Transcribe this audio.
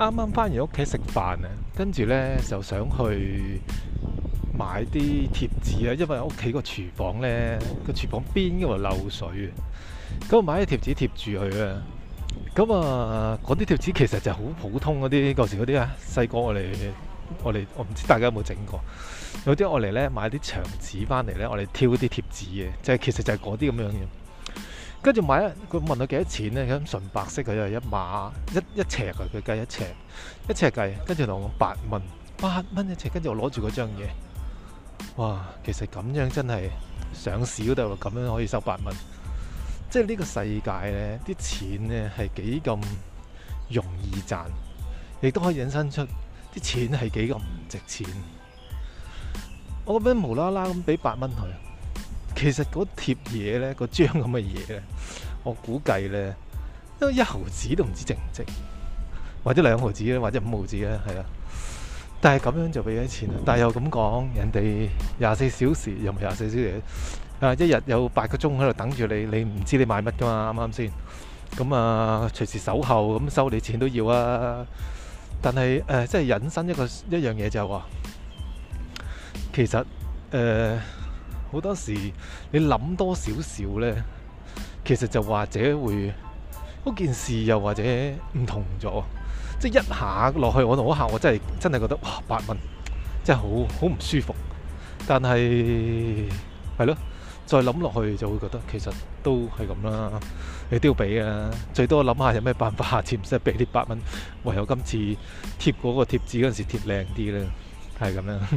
啱啱翻完屋企食飯啊，跟住咧就想去買啲貼紙啊，因為屋企個廚房咧，個廚房邊因為漏水，咁、嗯、啊買啲貼紙貼住佢啊。咁啊嗰啲貼紙其實就係好普通嗰啲舊時嗰啲啊，細個我哋，我嚟，我唔知大家有冇整過？有啲我嚟咧買啲牆紙翻嚟咧，我哋挑啲貼紙嘅，就係其實就係嗰啲咁樣嘅。跟住買啊！佢問我幾多錢咧？咁純白色佢就一碼一一尺佢佢計一尺一尺計，跟住同我八蚊八蚊一尺，跟住我攞住嗰張嘢。哇！其實咁樣真係上市都得喎，咁樣可以收八蚊。即係呢個世界咧，啲錢咧係幾咁容易賺，亦都可以引申出啲錢係幾咁唔值錢。我覺得無啦啦咁俾八蚊佢。其實嗰貼嘢咧，嗰張咁嘅嘢咧，我估計咧，都一毫子都唔知值唔值，或者兩毫子咧，或者五毫子咧，係啦。但係咁樣就俾咗錢啦，但係又咁講，人哋廿四小時又唔係廿四小時，啊，一日有八個鐘喺度等住你，你唔知你買乜噶嘛，啱啱先？咁、嗯、啊，隨時守候，咁收你錢都要啊。但係誒、啊，即係引申一個一樣嘢就話、是，其實誒。呃好多時你諗多少少咧，其實就或者會嗰件事又或者唔同咗，即一下落去我同嗰下我真係真係覺得哇，八蚊真係好好唔舒服，但係係咯，再諗落去就會覺得其實都係咁啦，你都要俾嘅，最多諗下有咩辦法下次唔使俾啲八蚊，唯有今次貼嗰個貼紙嗰陣時貼靚啲咧，係咁樣。呵呵